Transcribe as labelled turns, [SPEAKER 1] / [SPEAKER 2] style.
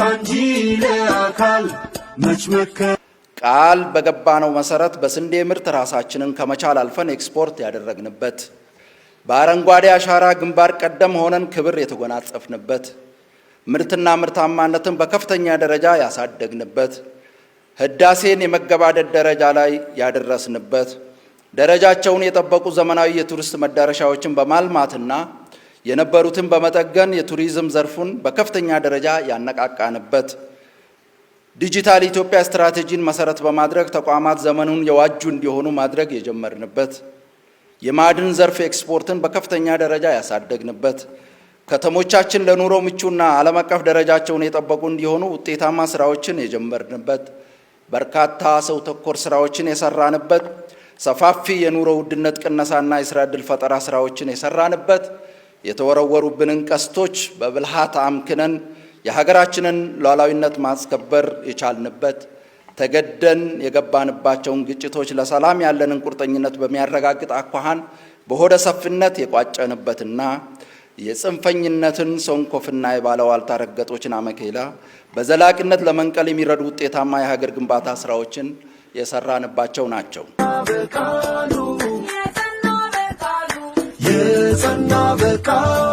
[SPEAKER 1] ቃል ለአካል ነው
[SPEAKER 2] ቃል በገባነው መሰረት በስንዴ ምርት ራሳችንን ከመቻል አልፈን ኤክስፖርት ያደረግንበት በአረንጓዴ አሻራ ግንባር ቀደም ሆነን ክብር የተጎናጸፍንበት ምርትና ምርታማነትን በከፍተኛ ደረጃ ያሳደግንበት ህዳሴን የመገባደድ ደረጃ ላይ ያደረስንበት ደረጃቸውን የጠበቁ ዘመናዊ የቱሪስት መዳረሻዎችን በማልማትና የነበሩትን በመጠገን የቱሪዝም ዘርፉን በከፍተኛ ደረጃ ያነቃቃንበት ዲጂታል ኢትዮጵያ ስትራቴጂን መሰረት በማድረግ ተቋማት ዘመኑን የዋጁ እንዲሆኑ ማድረግ የጀመርንበት የማዕድን ዘርፍ ኤክስፖርትን በከፍተኛ ደረጃ ያሳደግንበት ከተሞቻችን ለኑሮ ምቹና ዓለም አቀፍ ደረጃቸውን የጠበቁ እንዲሆኑ ውጤታማ ስራዎችን የጀመርንበት በርካታ ሰው ተኮር ስራዎችን የሰራንበት ሰፋፊ የኑሮ ውድነት ቅነሳና የስራ ዕድል ፈጠራ ስራዎችን የሰራንበት የተወረወሩብንን ቀስቶች በብልሃት አምክነን የሀገራችንን ሉዓላዊነት ማስከበር የቻልንበት ተገደን የገባንባቸውን ግጭቶች ለሰላም ያለንን ቁርጠኝነት በሚያረጋግጥ አኳኋን በሆደ ሰፊነት የቋጨንበትና የጽንፈኝነትን ሰንኮፍና የባለዋልታ ረገጦችን አመኬላ በዘላቂነት ለመንቀል የሚረዱ ውጤታማ የሀገር ግንባታ ስራዎችን የሰራንባቸው ናቸው። it's a novel cause.